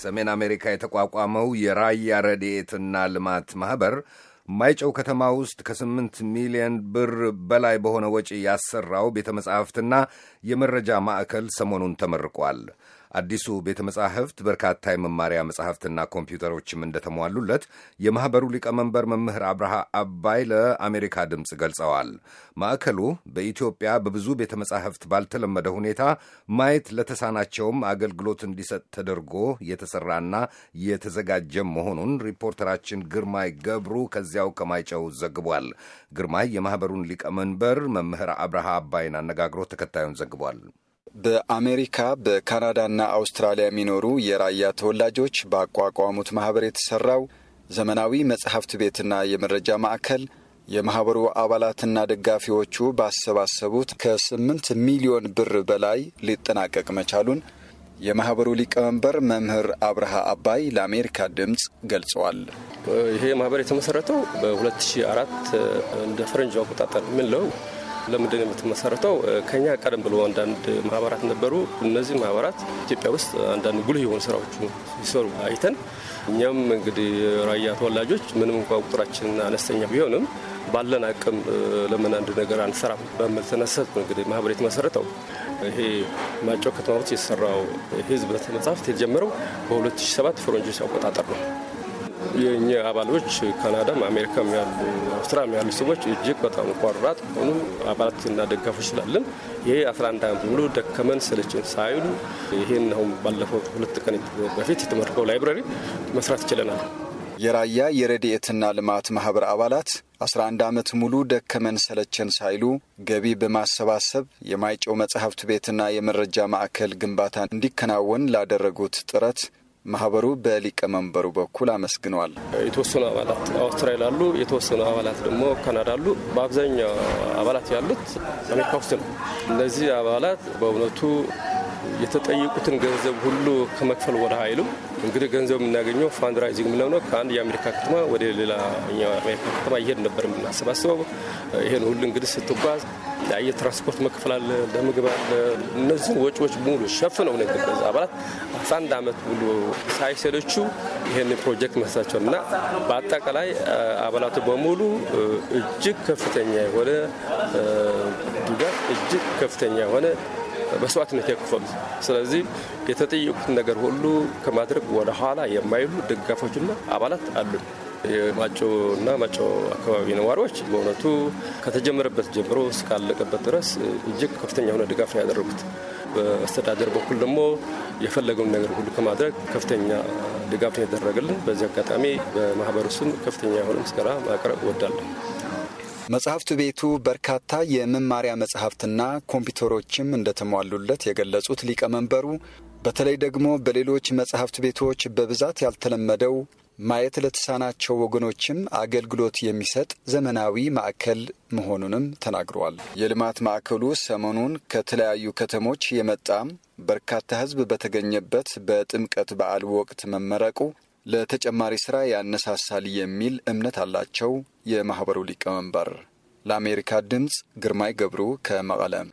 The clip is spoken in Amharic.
ሰሜን አሜሪካ የተቋቋመው የራያ ረድኤትና ልማት ማኅበር ማይጨው ከተማ ውስጥ ከስምንት ሚሊዮን ብር በላይ በሆነ ወጪ ያሰራው ቤተ መጻሕፍትና የመረጃ ማዕከል ሰሞኑን ተመርቋል። አዲሱ ቤተ መጻሕፍት በርካታ የመማሪያ መጻሕፍትና ኮምፒውተሮችም እንደተሟሉለት የማኅበሩ ሊቀመንበር መምህር አብርሃ አባይ ለአሜሪካ ድምፅ ገልጸዋል። ማዕከሉ በኢትዮጵያ በብዙ ቤተ መጻሕፍት ባልተለመደ ሁኔታ ማየት ለተሳናቸውም አገልግሎት እንዲሰጥ ተደርጎ የተሠራና የተዘጋጀ መሆኑን ሪፖርተራችን ግርማይ ገብሩ ከዚያው ከማይጨው ዘግቧል። ግርማይ የማኅበሩን ሊቀመንበር መምህር አብርሃ አባይን አነጋግሮ ተከታዩን ዘግቧል። በአሜሪካ በካናዳና አውስትራሊያ የሚኖሩ የራያ ተወላጆች ባቋቋሙት ማህበር የተሰራው ዘመናዊ መጽሐፍት ቤትና የመረጃ ማዕከል የማህበሩ አባላትና ደጋፊዎቹ ባሰባሰቡት ከስምንት ሚሊዮን ብር በላይ ሊጠናቀቅ መቻሉን የማህበሩ ሊቀመንበር መምህር አብርሃ አባይ ለአሜሪካ ድምፅ ገልጸዋል። ይሄ ማህበር የተመሰረተው በ2004 እንደ ፈረንጅ አቆጣጠር ምንለው ለምንድን የምትመሰረተው? ከኛ ቀደም ብሎ አንዳንድ ማህበራት ነበሩ። እነዚህ ማህበራት ኢትዮጵያ ውስጥ አንዳንድ ጉልህ የሆኑ ስራዎች ሲሰሩ አይተን እኛም እንግዲህ ራያ ተወላጆች ምንም እንኳ ቁጥራችን አነስተኛ ቢሆንም ባለን አቅም ለምን አንድ ነገር አንሰራም በሚል ተነሰት እንግዲህ ማህበር የተመሰረተው። ይሄ ማይጨው ከተማ ውስጥ የተሰራው ህዝብ ቤተ የተጀመረው በ2007 ፈረንጆች አቆጣጠር ነው። የእኛ አባሎች ካናዳም አሜሪካም ያሉ አውስትራሊያም ያሉ ሰዎች እጅግ በጣም ቆራጥ ሆኑ አባላትና ደጋፎች ስላለን ይሄ 11 ዓመት ሙሉ ደከመን ሰለችን ሳይሉ ይህን አሁን ባለፈው ሁለት ቀን በፊት የተመረቀው ላይብረሪ መስራት ችለናል። የራያ የረድኤትና ልማት ማህበር አባላት 11 ዓመት ሙሉ ደከመን ሰለቸን ሳይሉ ገቢ በማሰባሰብ የማይጨው መጽሐፍት ቤትና የመረጃ ማዕከል ግንባታ እንዲከናወን ላደረጉት ጥረት ማህበሩ በሊቀመንበሩ በኩል አመስግነዋል። የተወሰኑ አባላት አውስትራሊያ አሉ፣ የተወሰኑ አባላት ደግሞ ካናዳ አሉ። በአብዛኛው አባላት ያሉት አሜሪካ ውስጥ ነው። እነዚህ አባላት በእውነቱ የተጠየቁትን ገንዘብ ሁሉ ከመክፈል ወደ ኃይሉ እንግዲህ ገንዘብ የምናገኘው ፋንድራይዚንግ ምለው ነው። ከአንድ የአሜሪካ ከተማ ወደ ሌላ አሜሪካ ከተማ እየሄድ ነበር የምናሰባስበው። ይህን ሁሉ እንግዲህ ስትጓዝ የአየር ትራንስፖርት መክፈል አለ፣ ለምግብ አለ። እነዚህን ወጪዎች ሙሉ ሸፍነው ነው ግበዝ አባላት አስራ አንድ ዓመት ሙሉ ሳይሰለችው ይህን ፕሮጀክት መስራቸዋል እና በአጠቃላይ አባላቱ በሙሉ እጅግ ከፍተኛ የሆነ ድጋፍ፣ እጅግ ከፍተኛ የሆነ መስዋዕትነት የከፈሉት። ስለዚህ የተጠየቁት ነገር ሁሉ ከማድረግ ወደኋላ የማይሉ ደጋፎችና አባላት አሉ። የማጮ እና ማጮ አካባቢ ነዋሪዎች በእውነቱ ከተጀመረበት ጀምሮ እስካለቀበት ድረስ እጅግ ከፍተኛ የሆነ ድጋፍ ነው ያደረጉት። በአስተዳደር በኩል ደግሞ የፈለገውን ነገር ሁሉ ከማድረግ ከፍተኛ ድጋፍ ነው ያደረገልን። በዚህ አጋጣሚ በማህበሩ ስም ከፍተኛ የሆነ ምስጋና ማቅረብ እወዳለሁ። መጽሐፍት ቤቱ በርካታ የመማሪያ መጽሐፍትና ኮምፒውተሮችም እንደተሟሉለት የገለጹት ሊቀመንበሩ በተለይ ደግሞ በሌሎች መጽሐፍት ቤቶች በብዛት ያልተለመደው ማየት ለተሳናቸው ወገኖችም አገልግሎት የሚሰጥ ዘመናዊ ማዕከል መሆኑንም ተናግረዋል። የልማት ማዕከሉ ሰሞኑን ከተለያዩ ከተሞች የመጣም በርካታ ሕዝብ በተገኘበት በጥምቀት በዓል ወቅት መመረቁ ለተጨማሪ ስራ ያነሳሳል የሚል እምነት አላቸው የማኅበሩ ሊቀመንበር። ለአሜሪካ ድምፅ ግርማይ ገብሩ ከመቀለም